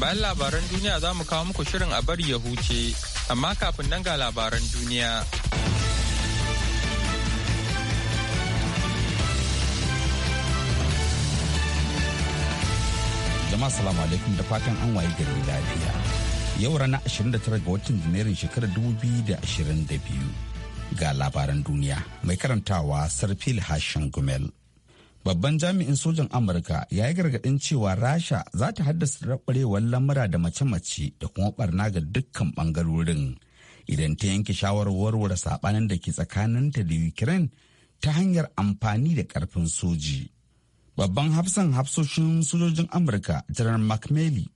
Bayan labaran duniya za mu kawo muku shirin a bari ya huce, amma kafin nan ga labaran duniya. Jama'a salamu alaikum da fatan an waye gari lafiya. Yau rana 29 ga watan Janairun shekarar 2022 ga labaran duniya mai karantawa Sarfil Hashin Gumel. babban jami'in sojan amurka ya yi gargaɗin cewa rasha za ta haddasa raɓarewar lamura da mace-mace da kuma ɓarna ga dukkan ɓangarorin idan ta yanke shawarwarwar saɓanin da ke tsakaninta da ukraine ta hanyar amfani da ƙarfin soji babban hafsan hafsoshin sojojin amurka janar mcmillan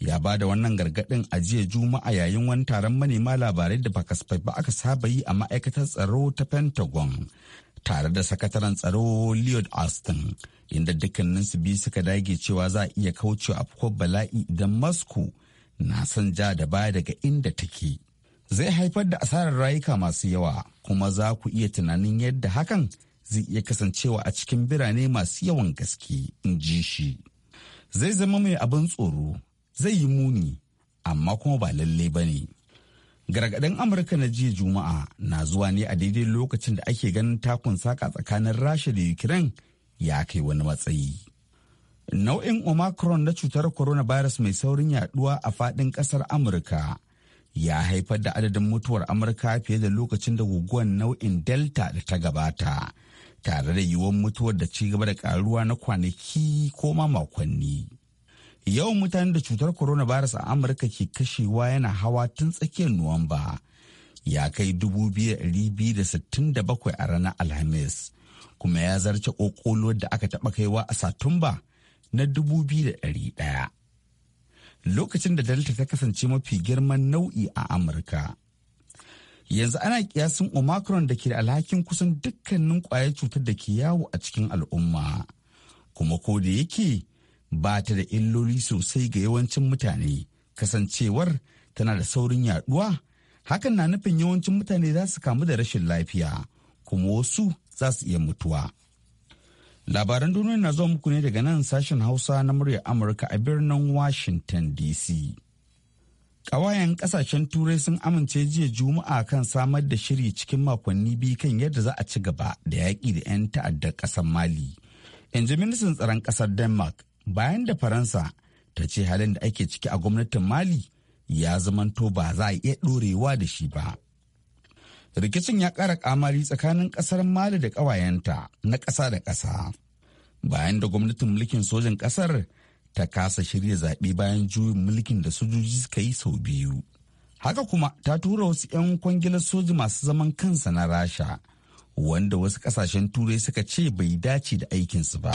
ya ba da wannan gargaɗin a jiya juma'a yayin wani taron manema labarai da bakasfai ba aka saba yi a ma'aikatar tsaro ta pentagon tare da sakataren tsaro leod austin inda su biyu suka dage cewa za a iya kauce afkuwar bala'i idan moscow na son ja da baya daga inda take zai haifar da asarar rayuka masu yawa kuma za ku iya tunanin yadda hakan zai iya kasancewa a cikin birane masu yawan gaske in ji shi zai zama mai abin tsoro zai yi muni amma kuma ba lalle ba ne. Gargaɗin Amurka na jiya Juma'a na zuwa ne a daidai lokacin da ake ganin takun saka tsakanin Rasha da Ukraine ya kai wani matsayi. Nau'in Omicron na cutar coronavirus mai saurin yaduwa a faɗin ƙasar Amurka ya haifar da adadin mutuwar Amurka fiye da lokacin da guguwar nau'in Delta da ta gabata, tare da yiwuwar mutuwar da ci gaba da karuwa na kwanaki ko ma makonni. yawan mutanen da cutar coronavirus a amurka ke kashewa yana hawa tun tsakiyar nuwamba ya kai 2,267 a ranar alhamis kuma ya zarce kokolo da aka taba kaiwa a satumba na 2,100 lokacin da delta ta kasance mafi girman nau'i a amurka yanzu ana kiyasin omicron da ke da alhakin kusan dukkanin kwayar cutar da ke yawo a cikin al'umma kuma ko da yake ba ta da illoli sosai ga yawancin mutane kasancewar tana da saurin yaduwa hakan na nufin yawancin mutane za su kamu da rashin lafiya kuma wasu za su iya mutuwa labaran duniya na zuwa muku ne daga nan sashen hausa na muryar amurka a birnin washington dc Ƙawayen ƙasashen Turai sun amince jiya Juma'a kan samar da shiri cikin makonni biyu kan yadda za a ci gaba da yaƙi da 'yan ta'addar ƙasar Mali. In ji ministan tsaron ƙasar Denmark, bayan da faransa ta ce halin da ake ciki a gwamnatin mali ya zamanto ba za a iya ɗorewa da shi ba rikicin ya ƙara kamari tsakanin ƙasar mali da ƙawayenta na ƙasa da ƙasa bayan da gwamnatin mulkin sojin ƙasar ta kasa shirya zaɓe bayan juyin mulkin da sojoji suka yi sau biyu haka kuma ta tura wasu 'yan kwangilar soji masu zaman kansa na rasha wanda wasu ƙasashen turai suka ce bai dace da aikinsu ba.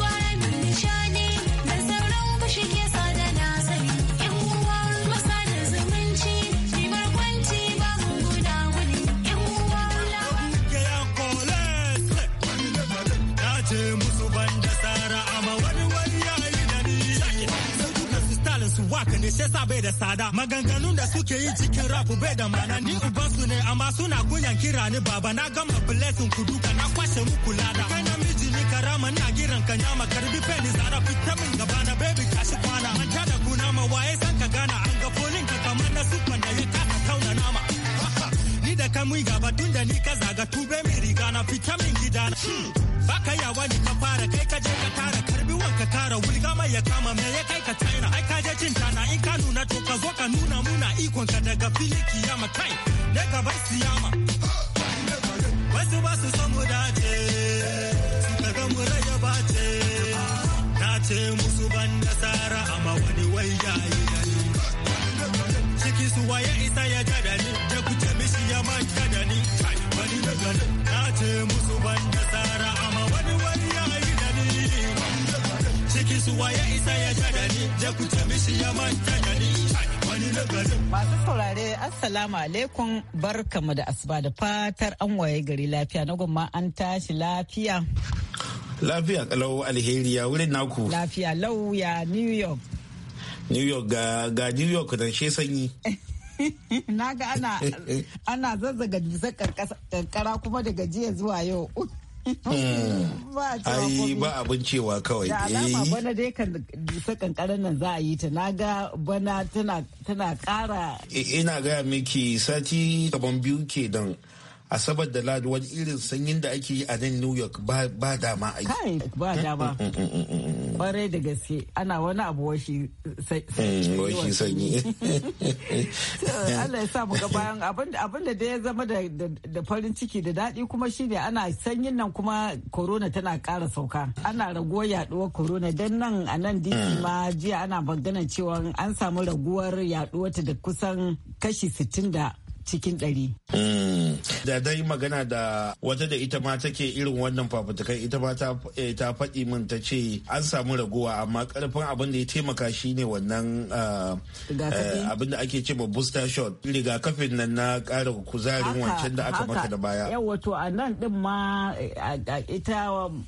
waka ne shi sa bai da tsada maganganun da suke yi cikin rap bai da mana ni uban su ne amma suna kunyan kira ni baba na gama blessing ku duka na kwashe muku lada kai namiji ni karama na giran ka nyama karbi feni zara fita min gaba na baby tashi kwana an da kuna ma waye san ka gana an ga folin ka kamar na sufan da yi ta tauna nama ni da ka mui gaba tun da ni ka zaga tube mai riga na fita min gida hmm, baka yawa ni ka fara kai ka je ka tara ciwon ka kara wulga mai ya kama me ya kai ka china ai ka je cin tana in ka nuna to ka zo ka nuna muna ikon ka daga fili kiyama kai daga bar siyama ya isa ya jada mishi ya manta da ni wani Masu saurare Assalamu alaikum barkamu da asuba da fatar an waye gari lafiya na gwamma an tashi lafiya. Lafiya kalau alheri ya wurin naku. Lafiya lau ya New York. New York ga, ga New York dan she sanyi. na ga ana zazzaga dusar kankara kuma daga jiya zuwa yau Hmm. ai ba abin cewa kawai da alama eh. bana dai kan dusa nan za a yi ta na ga bana tana kara e, ina gaya miki sati kaban biyu ke don asabar da ladu wani irin sanyin da ake yi a nan new york ba dama a yi ba dama mm, mm, mm, kwarai da gaske ana wani abu washi sanyi allah ya sa mu bayan abinda da ya zama da farin ciki da daɗi kuma shine ana sanyin nan kuma corona tana kara sauka ana raguwar yaduwar corona don nan a nan dc ma jiya ana maganar cewa an samu raguwar yaduwar ta da kusan kashi sittin cikin ɗari. Mm. Da dai magana da wata da ita ma take irin wannan fafutukai ita ma ta eh, faɗi min ta ce an samu raguwa amma karfin abin da ya taimaka shi ne wannan ah, eh, abin da ake ce ma booster shot rigakafin nan na ƙara kuzarin wancan da aka maka da baya. Yawwa wato a nan ɗin ma eh, ita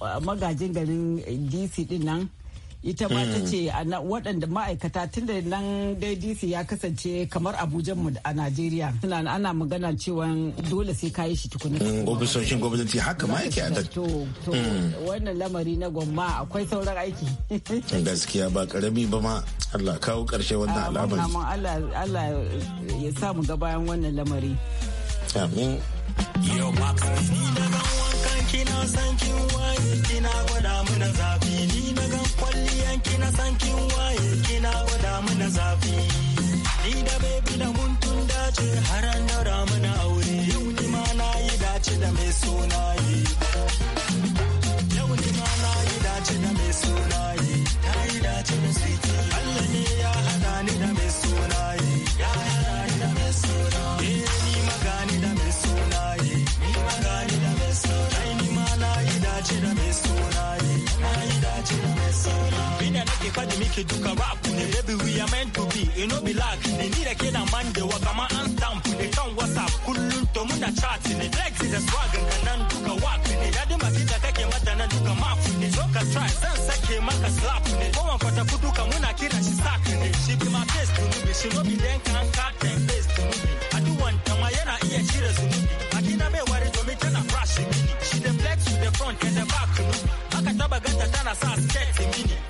ah, magajin garin DC din nan ita ma hmm. ta ce waɗanda ma'aikata tun da nan dai DC ya kasance kamar Abuja mu a Najeriya suna ana magana cewa dole sai kayi shi tukuna. Hmm, ofisoshin gwamnati haka ma yake a To hmm. wannan lamari na gwamma akwai sauran aiki. Gaskiya ba karami ba ma Allah kawo karshe wannan al'amari. Allah ya samu mu ga bayan wannan lamari. Amin. Yau ma kina san kin waye kina gwada mana zafi ni na gan kwalliyan kina san kin waye kina gwada mana zafi ni da baby da mun tun dace har an daura mana aure yau ni ma na yi dace da mai suna yi yau ni ma na yi dace da mai suna yi ta yi dace da sweet fa da muke duka rap ne baby we are meant to be you know be lack ne ni da ke na man da wa kama an stamp ne kan whatsapp kullun to muna chat ne flex is a swag ka nan duka wak ne dadi masu da kake mata nan duka map ne so ka try zan sake maka slap ne ko wan fata ku duka muna kira shi sack ne shi be my taste to be shi no be den kan ka ten base to be a duk wanta ma yana iya shirya su. a gida bai wari domin tana crash mini she dey flex with the front and the back no haka taba ganta tana sa skirt mini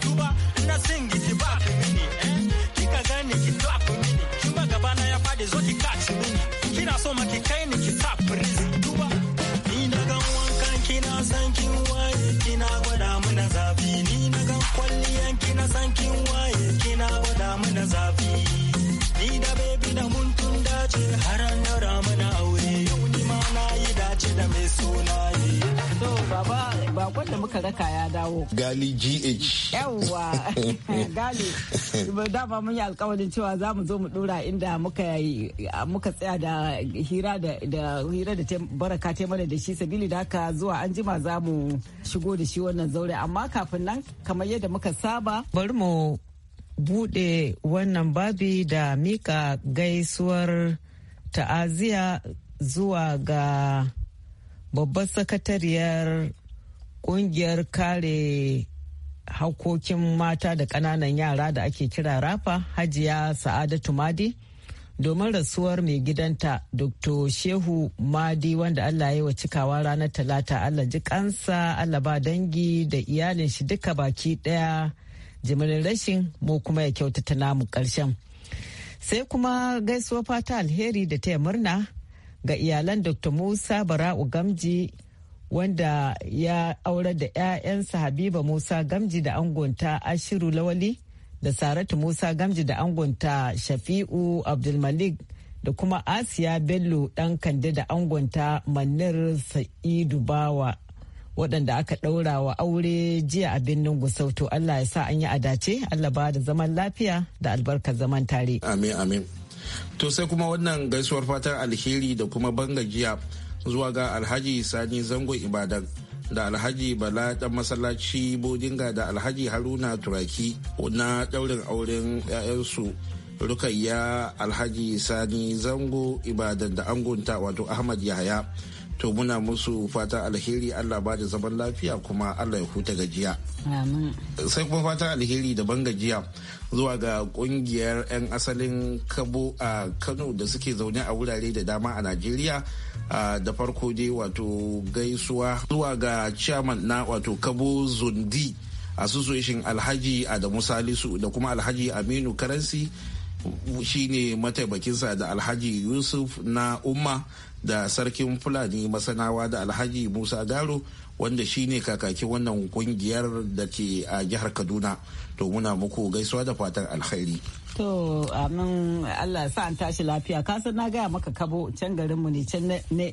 ka raka ya dawo. Gali GH. Yawwa gali da ba mun yi alkawarin cewa za mu zo mu dora inda muka muka tsaya da hira da hira da baraka ta mana da shi sabili da haka zuwa an jima za mu shigo da shi wannan zaure amma kafin nan kamar yadda muka saba. Bari mu bude wannan babi da mika gaisuwar ta'aziya zuwa ga babbar sakatariyar kungiyar kare hakokin mata da ƙananan yara da ake kira rafa hajiya sa'adatu madi domin rasuwar mai gidanta dr shehu madi wanda allah ya wa cikawa ranar talata allah ji kansa allah ba dangi da iyalin shi duka baki daya jimirin rashin mu kuma ya kyautata namu karshen sai kuma gaisuwa fata alheri da ta murna ga iyalan dr musa bara'u gamji wanda ya aurar da 'ya'yansa habiba musa gamji da angonta ashiru lawali da saratu musa gamji da angonta shafi'u abdulmalik da kuma asiya bello dan kande da angonta manir sa'idu bawa waɗanda aka ɗaura wa aure jiya a birnin gusauto allah ya sa an yi adace allah ba da zaman lafiya da albarkar zaman tare amin amin to sai kuma wannan gaisuwar fatan alheri da kuma banga jiya. zuwa ga alhaji sani zango ibadan da alhaji bala dan masallaci bodinga da alhaji haruna turaki na daurin auren 'ya'yansu rukayya alhaji sani zango ibadan da angunta wato ahmad yahaya to muna musu fata alheri allah ba da zaman lafiya kuma allah ya huta gajiya sai kuma fata alheri da ban gajiya zuwa ga kungiyar 'yan asalin kabo a kano da suke zaune a wurare da dama a najeriya da farko dai wato gaisuwa zuwa ga chairman na wato kabo zundi association alhaji adamu salisu da kuma alhaji aminu karansi shine mataimakinsa da alhaji yusuf na umma da sarkin fulani masanawa da alhaji musa garo wanda shine kakakin wannan kungiyar da ke a jihar kaduna to muna muku gaisuwa da fatan alheri. to amin allah sa an tashi lafiya kasan na gaya maka kabo can garinmu ne can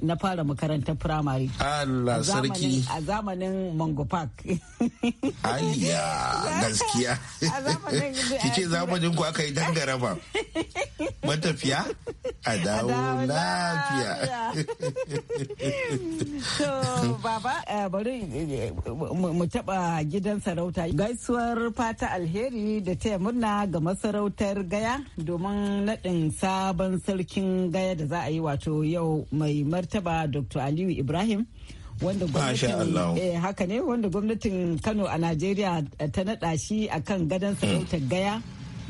na fara makarantar firamare allah sarki a zamanin mango park ayya gaskiya ce zamanin ku aka yi dangara ba matafiya a dawo lafiya to baba eh, bari eh, mu taba gidan sarauta gaisuwar fata alheri da taya murna ga masarautar gaya domin nadin sabon sarkin gaya da za a yi wato yau mai martaba dr aliyu ibrahim wanda gwamnatin eh, haka ne wanda gwamnatin kano a najeriya eh, ta naɗa shi akan gadon sarautar gaya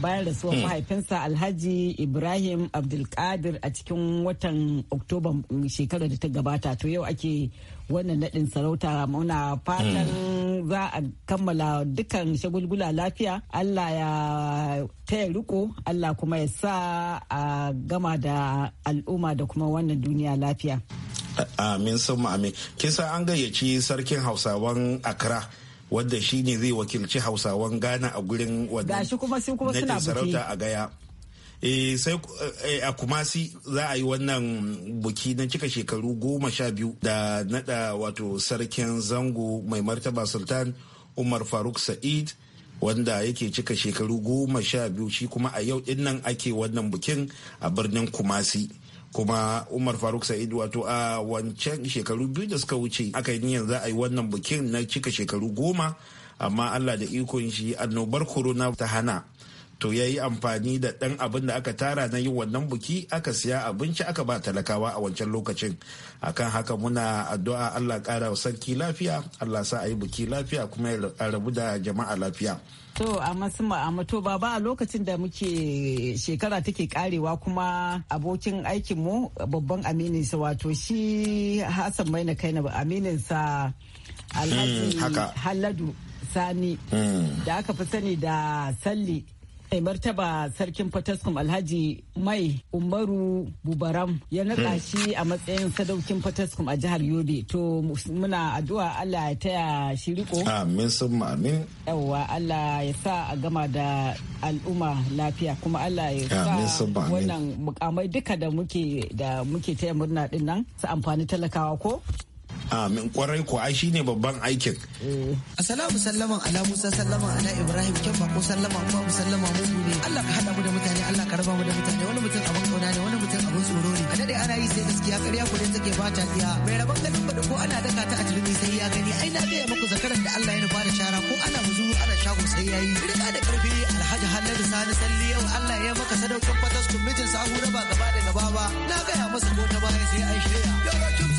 bayan rasuwar hmm. mahaifinsa alhaji ibrahim abdulkadir a cikin watan oktoba shekarar da ta gabata to yau ake wannan nadin sarauta muna fatan hmm. za a kammala dukkan shagulgula lafiya allah ya taya riko allah kuma ya sa a gama da al'umma da kuma wannan duniya lafiya amin sun amin kin an gayyaci sarkin hausawan Akra. wanda shi ne zai wakilci hausawan ghana a gurin wannan sarauta a gaya e, sai eh, a kumasi za a yi wannan buki na cika shekaru goma sha biyu da nada wato sarkin zango mai martaba sultan umar faruk sa'id wanda yake cika shekaru goma sha biyu shi kuma a yau din nan ake wannan bukin a birnin kumasi kuma umar faruk sa'id wato a wancan shekaru biyu da suka wuce aka yi za a yi wannan bikin na cika shekaru goma amma allah da ikon shi annobar corona ta hana to ya yi amfani da ɗan abin da aka tara na yi wannan buki aka siya abinci aka ba talakawa a wancan lokacin akan haka muna addu'a allah ƙara sarki lafiya allah sa a yi buki lafiya kuma ya rabu da jama'a lafiya to a masu to baba a lokacin da muke shekara take karewa kuma abokin aikinmu babban amininsa wato shi hassan maina kaina amininsa alhaji hmm, haladu sani hmm. da aka fi sani da salli mai martaba sarkin fataskum alhaji mai umaru bubaram ya naɗa hmm. shi a matsayin sadaukin fataskum a jihar yobe to muna addu'a allah ya taya shi riko amin sun amin yawwa allah ya sa a gama da al'umma lafiya kuma allah ya sa wannan mukamai duka da muke taya murna din su amfani talakawa ko Amin kwarai ko ai shine babban aikin. Assalamu sallama ala Musa sallama ala Ibrahim kyan ba ko sallama ba mu sallama mu ne. Allah ka hada mu da mutane Allah ka raba mu da mutane wani mutum abun kauna ne wani mutum abin tsoro ne. Kada dai ana yi sai gaskiya kariya ku ne take bata biya. Mai rabon ganin ba ko ana daka ta a turmi sai ya gani ai na gaya muku zakaran da Allah ya nufa da shara ko ana zuwa ana shago sai ya yi. Rika da karfi Alhaji Halladu Sani Salli yau Allah ya maka sadaukar fatas kun mijin sahu raba ba gaba da gaba ba. Na gaya masa ko ta baya sai ai shirya. Yau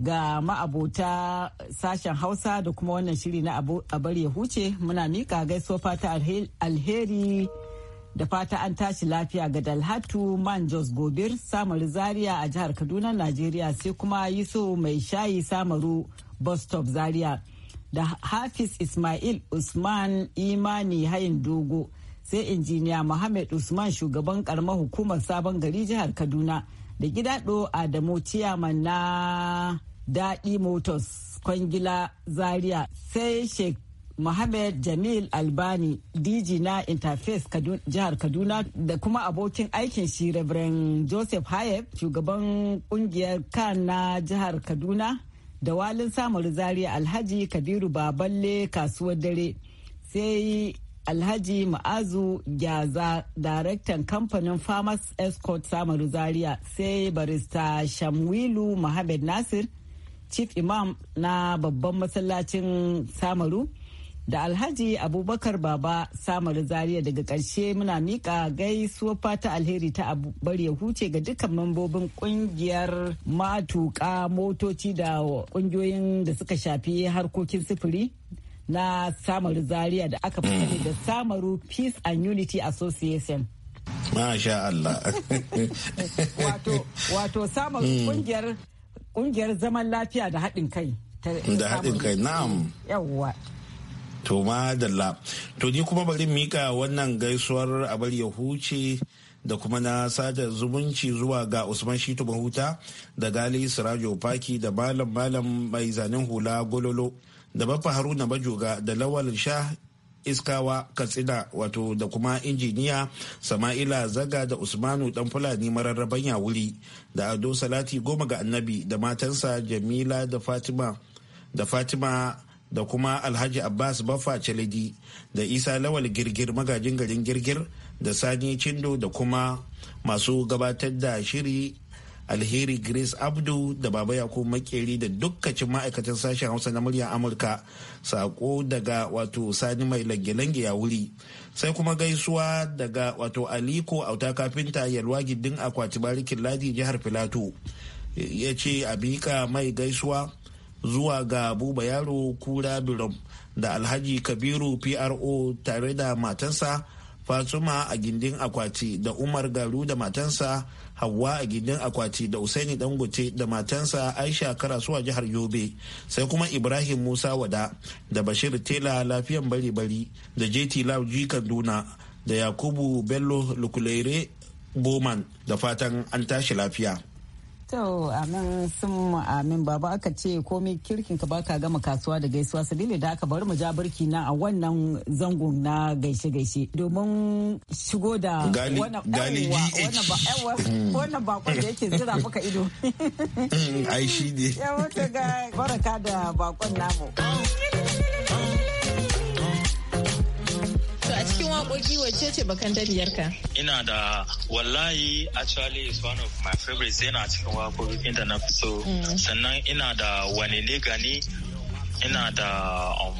ga ma'abota sashen hausa da kuma wannan shiri na abar ya huce muna miƙa gaiso fata alheri da fata an tashi lafiya ga dalhatu man jos gobir samaru zaria a jihar kaduna najeriya sai kuma yiso mai shayi samaru bus stop zaria da hafiz ismail usman imani hayin dogo sai injiniya Muhammad Usman shugaban karamar hukumar sabon gari jihar Kaduna da gida do Adamu ciyaman na Daɗi Motors Kwangila Zaria sai Sheikh Mohammed Jamil Albani DG na Interface jihar Kaduna da kuma abokin aikin shi Reverend Joseph Hayek shugaban kungiyar kan na jihar Kaduna da walin samar zaria Alhaji Kabiru Baballe kasuwar dare sai Alhaji Ma'azu Gyaza, daraktan kamfanin Farmers Escort Samaru Zaria, sai barista Shamwilu muhammed Nasir, Chief Imam na babban masallacin Samaru, da Alhaji Abubakar Baba Samaru Zaria daga ƙarshe muna miƙa gaisuwa fata alheri ta bari ya huce ga dukkan mambobin ƙungiyar matuƙa motoci da ƙungiyoyin da suka shafi harkokin sufuri. na samaru zaria da aka fi da samaru peace and unity association Masha Allah. wato samaru hmm. kungiyar kungiyar zaman lafiya da haɗin kai da haɗin kai na'am yawwa to madalla to ni kuma bari mika wannan gaisuwar abar ya huce da kuma na sada zumunci zuwa ga usman shitu mahuta da gali sirajo faki da malam malam mai zanen hula gololo da bafa haruna bajoga da lawal sha iskawa katsina wato da kuma injiniya sama'ila zaga da usmanu dan fulani mararraban wuri da ado salati goma ga annabi da matansa jamila da fatima da fatima da kuma alhaji abbas baffa chalidi da isa lawal girgir magajin garin girgir da sani cindo da kuma masu gabatar da shiri alheri grace abdu da baba yakub makeri da dukkacin ma'aikatan sashen hausa na murya amurka sako daga wato sani mai lange-lange ya wuri sai kuma gaisuwa daga wato aliko auta kafinta yalwa gindin akwati barikin ladi jihar filato ya ce a bika mai gaisuwa zuwa ga buba yaro kura birom da alhaji kabiru pro tare da matansa fatuma a gindin akwati da umar garu da matansa hawa a gidan akwati da usaini dangote da matansa aisha karasuwa jihar yobe sai kuma ibrahim musa wada da bashir tela lafiyan bari bari da jt lauji kaduna da yakubu bello lukulere boman da fatan an tashi lafiya To amin sun amin baba aka ce komai kirkin ka baka gama kasuwa da gaisuwa sabili da aka bari mu ja birki na a wannan zangon na gaishe gaishe domin shigo da mm. wannan bakon da yake zira muka ido. Mm, ai shi ne. Yawa ga baraka da bakon namu. waƙoƙi wacce ce bakan ka? Ina da wallahi actually is one of my favorites yana cikin waƙoƙin da na so. Mm. Sannan ina da wani ne gani ina da um,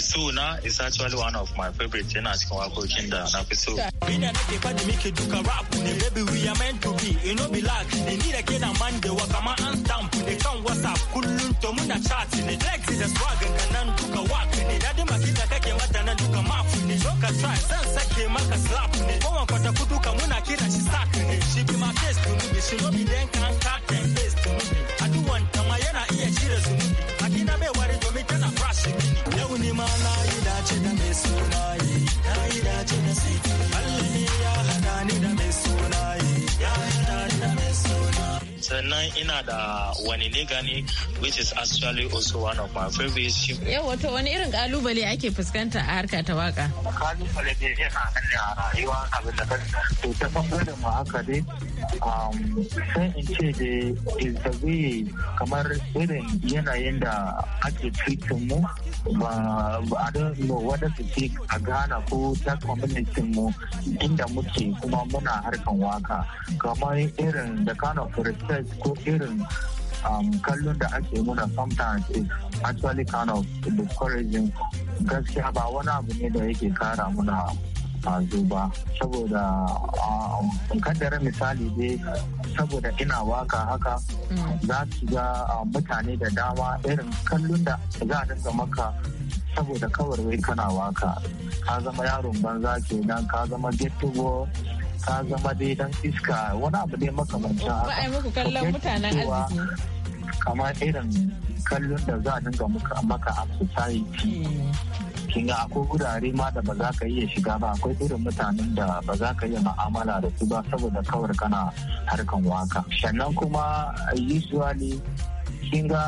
suna is actually one of my favorites yana cikin wakokin da na fi so. Bina nake fadi muke duka rap ne baby we are meant to be. be ni da ke na man da wa an She ina da wani lega which is actually also one of my favorite ship. Yau wato wani irin kalubale ake fuskanta a harka ta waka? Kalubale ne yana hannun a rayuwa abin da kan to ta bangaren ma haka dai um, sai in ce da is the kamar irin yanayin da ake treating mu ba a don know whether to speak a Ghana ko ta community mu inda muke kuma muna harkan waka kamar irin da kind of respect ko irin um, kallon da ake muna sometimes is actually kind of discouraging gaskiya ba wani abu ne da yake kara muna uh, zo ba saboda um, kaddara misali dai saboda ina waka haka mm. za su ga uh, mutane da dama irin kallon da za a dinga maka saboda kawar wai kana waka ka zama yaron banza kenan ka zama ghetto ka zama dai dan iska wani abu ne makamancin haka. Ba a muku kallon mutanen arziki. Kamar irin kallon da za a dinga maka a society. Hmm. kin ga akwai wurare ma da ba za ka iya shiga ba akwai irin mutanen da ba za ka iya ma'amala da su ba saboda kawar kana harkan waka sannan kuma usually kin ga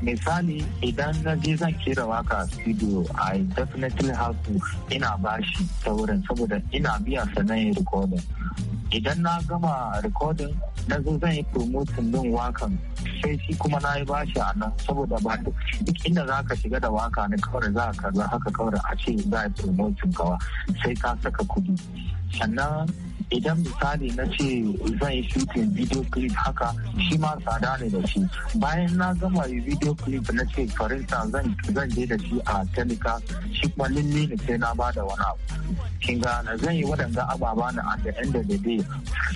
misali idan na je zan kera waka studio i definitely have to ina bashi saurin saboda ina biya sanayin recording idan na gama recording na zo zan yi promotion din wakan sai shi kuma na yi bashi a nan saboda ba duk inda za ka shiga da waka na kawai za ka haka kawai a ce za a yi promotion kawa sai ka saka kudi sannan idan misali na ce zan yi shooting video clip haka shi ma tsada ne da shi bayan na gama video clip na ce farinta zan zan je da shi a telika shi kuma lalle ne sai na bada wani abu kin na zan yi waɗanda ababa na at the end of the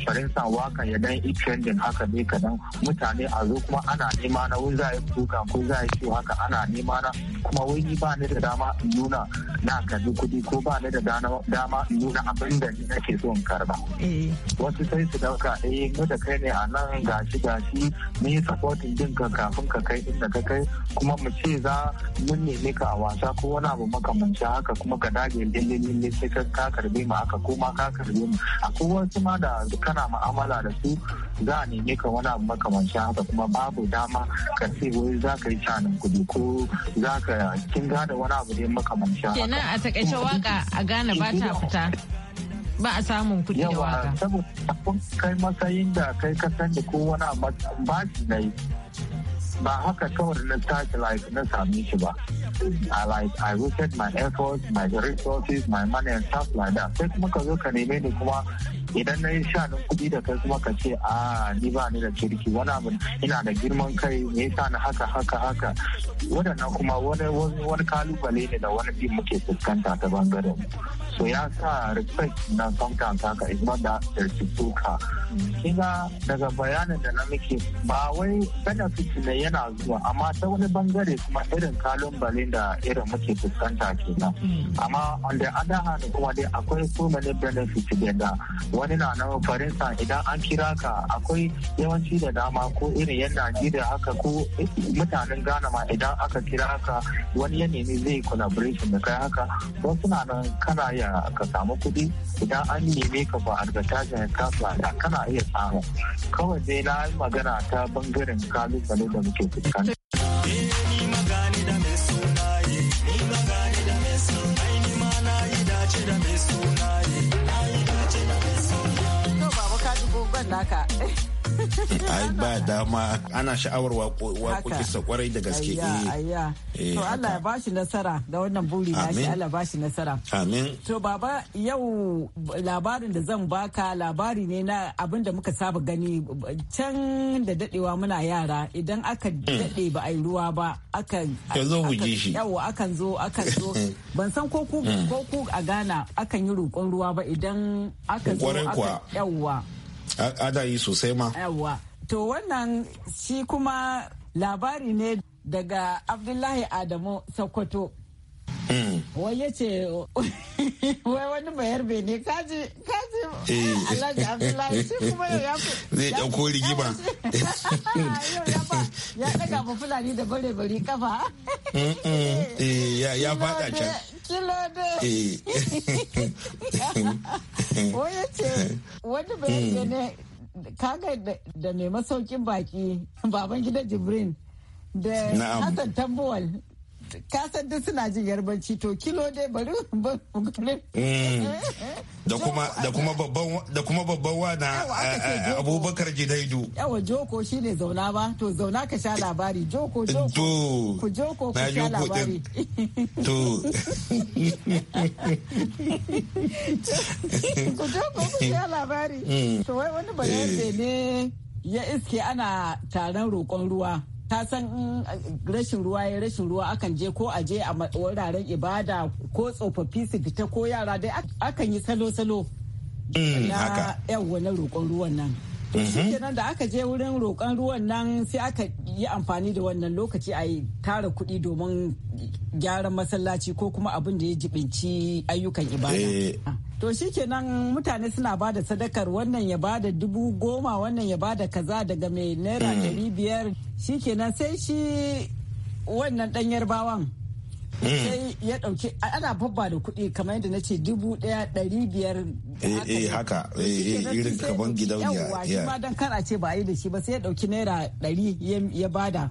farinta waka ya dan yi trending haka dai kadan mutane a zo kuma ana nema na wai za a yi kuka ko za a yi haka ana nema na kuma wai ni ba ni da dama in nuna na kaji kuɗi ko ba ni da dama in nuna abin da ni nake so in karba Eh. wasu sai su dauka a eh, mu da kai ne a nan gashi gashi mu yi supporting din ka kafin ka kai inda ka kai kuma mu ce za mun nemi ka a wasa ko wani abu makamancin haka kuma ka dage lalle ne sai ka karbe mu haka ko ma ka karbe mu ko wasu ma da kana ma'amala da su za a nemi ka wani abu makamancin haka kuma babu dama ka ce wai za ka yi canin kudi ko za ka kin gada wani abu ne makamancin haka kenan a takaice waka a gane ba ta fita ba a samun kuɗi da waka saboda kun kai matsayin da kai ka sani ko wani ba shi na ba haka kawai na tashi like na same shi ba I like I wasted my efforts, my resources, my money and stuff like that. Sai kuma ka zo ka neme ni kuma idan na yi shanin kuɗi da kai kuma ka ce a ni ba ni da kirki wani abu ina da girman kai me yasa na haka haka haka waɗannan kuma wani wani kalubale ne da wani bi muke fuskanta ta bangaren so ya sa respect na sometimes haka is not that reciprocal kina daga bayanin da na muke ba wai benefit ne yana zuwa amma ta wani bangare kuma irin kalubale da irin muke fuskanta kenan amma on the other hand kuma dai akwai so many benefit da wani na nan faransa idan an kira ka akwai yawanci da dama ko irin yan najeriya haka ko mutanen ghana ma idan aka kira ka wani ya nemi zai collaboration da kai haka wasu na nan kana ya ka samu kudi idan an neme ka ba advertising ka ba kana iya samu kawai dai na magana ta bangaren kalubale da muke fuskanta naka ai ba dama ana sha'awar sa kwarai da gaske eh. eh to Allah ya bashi nasara da wannan buri na shi Allah bashi nasara amin to baba yau labarin da zan baka labari ne na abin da muka saba gani can da dadewa muna yara idan aka mm. dade ba ai ruwa ba aka zo buge shi yawa akan zo akan zo ban san ko ku mm. ko ku a Ghana akan yi roƙon ruwa ba idan aka zo yawa ada yi sosai ma Yawwa, to wannan shi kuma labari ne daga abdullahi adamu sokoto wai ya ce wai wani bayar bai ne kaji kaji eh. alhaji abdullahi shi kuma ya zai dauko rigima ya daga ma fulani da bare bari kafa eh, ya fada can kilo da eh. wai ya ce wani bayar ne kaga da mai masaukin baki baban gida jibrin da Hassan Tambuwal ka san duk suna jin yarbanci to kilo dai bari mm. da kuma babban wa na wana eh, eh, Abubakar Jidaidu yawa joko shi ne zauna ba to zauna ka sha labari joko eh, joko ku joko ku sha labari to ku joko ku sha labari to wai wani bayarbe ne ya iske ana taron roƙon ruwa ta san eh, rashin ruwa ya rashin ruwa akan je ko a je a wuraren ibada ko tsofaffi su fita ko yara dai akan yi salo-salo mm, na yawa na roƙon ruwan nan mm-hmm. kenan da aka je wurin roƙon ruwan nan sai aka yi amfani da wannan lokaci a yi tara kuɗi domin gyaran masallaci ko kuma abin da ya jibinci ayyukan ibada eh, ah. to shi kenan mutane suna ba da sadakar wannan ya ba da dubu goma wannan ya ba da kaza daga mai naira mm. ɗari biyar shikenan sai shi wannan ɗan yarbawan mm. sai ya dauki ana babba da kuɗi kamar yadda na ce dubu ɗaya ɗari biyar haka eh, eh, eh, irin kaman gidauniya yawa shi ma dan kar a ce ba a yi da shi ba sai ya dauki naira ɗari ya bada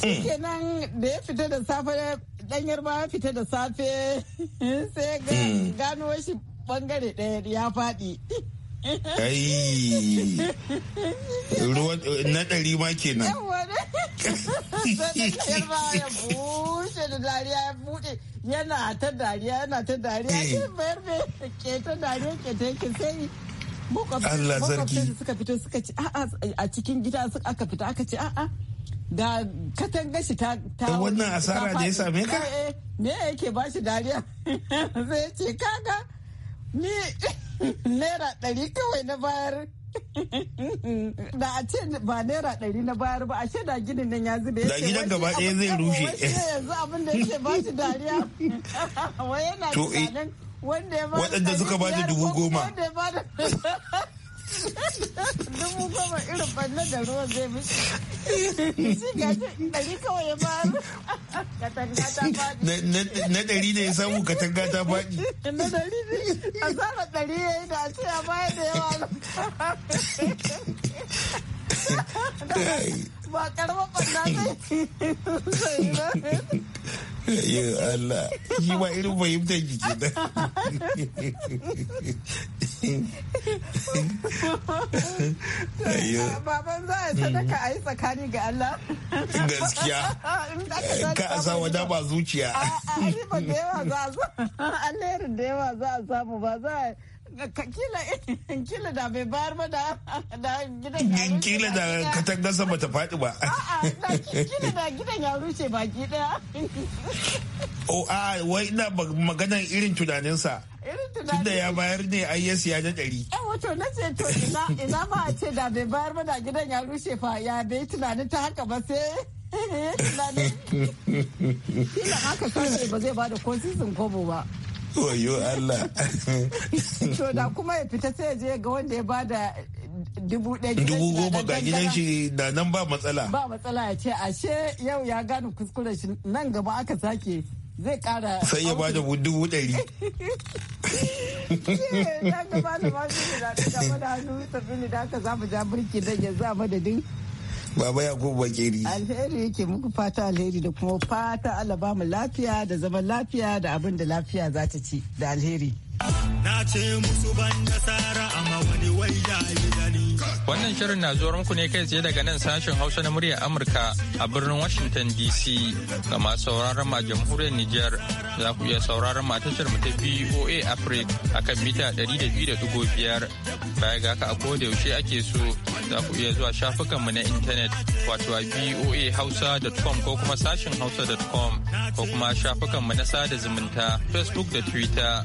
Shikenan da ya fita da safe danyar yarba ya fita da safe sai hmm. gano shi bangare daya ya faɗi. na ɗari ma kenan. ya bushe da ya buɗe yana ta dariya yana ta dariya ke bayar mai ke ta dariya ke ta yake sai makwabta suka fito suka ce a cikin gida aka fita aka ce a'a ga katanga shi ta ta wannan asara da ya same ka me yake ba shi dariya zai ce kaga ni naira ɗari kawai na bayar da a ce ba naira ɗari na bayar ba a ce da ginin nan ya zube da gidan gaba ɗaya zai rushe eh, yanzu abin da yake ba shi dariya wai yana eh, tunanin wanda ya ba ba da dubu goma dubu goma irin banna da ruwan zai mishi shi ga ɗari kawai ya faru katanga ta faɗi na ɗari ne ya samu katanga ta faɗi na ɗari ne a sama ɗari ya yi da a ce baya da yawa ba karɓar banna zai yi ba Ya Allah, yi ma irin fahimtar ki ke da. Baban za a sadaka a yi tsakani ga Allah. Gaskiya. Ka a sa da ba zuciya. ba da yawa za a samu ba za a kila da bai bayar ba da gidan kila da katangarsa bata faɗi ba kila da gidan ya rushe baki daya o oh, a wai ina maganar irin tunaninsa tunda ya bayar ne ai ya siya da ɗari. Eh wato na ce to ina ma a ce da bai bayar ba da gidan ya rushe fa ya da yi tunanin ta haka ba sai ya tunanin. Kila aka kashe ba zai ba da ko kobo ba. Oyo Allah. To da kuma ya fita sai je ga wanda ya bada dubu ɗaya dubu goma ga gidan shi da nan ba matsala. Ba matsala ya ce ashe yau ya gane kuskuren shi nan gaba aka sake zai kara sai ya bada dubu ɗari nan gaba da shi da hannu tafi da aka zama ja birki don yanzu a madadin Baba Yakubu Bakeri. Alheri yake muku fata alheri da kuma fata Allah ba mu lafiya da zaman lafiya da abin da lafiya za ta ci da alheri. Wannan shirin na zuwa muku ne kai tsaye daga nan sashen Hausa na muryar Amurka a birnin Washington DC. Ga masu sauraron ma jamhuriyar Nijar za ku iya sauraron ma tashar mu ta BOA Africa a kan mita 200.5. Baya ga haka a koda yaushe ake so za ku iya zuwa mu na intanet wato a boahausa.com ko kuma sashen hausa.com ko kuma mu na sada zumunta Facebook da Twitter.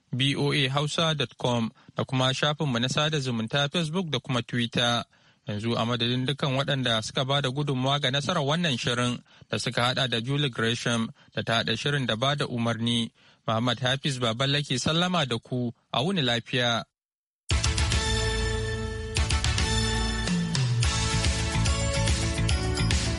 boahausa.com da kuma shafin mu na sada zumunta facebook da kuma twitter yanzu a madadin dukkan waɗanda suka ba da gudunmawa ga nasarar wannan shirin da suka hada da julie gresham da ta haɗa shirin da ba da umarni muhammad hafiz baballake sallama da ku a wuni lafiya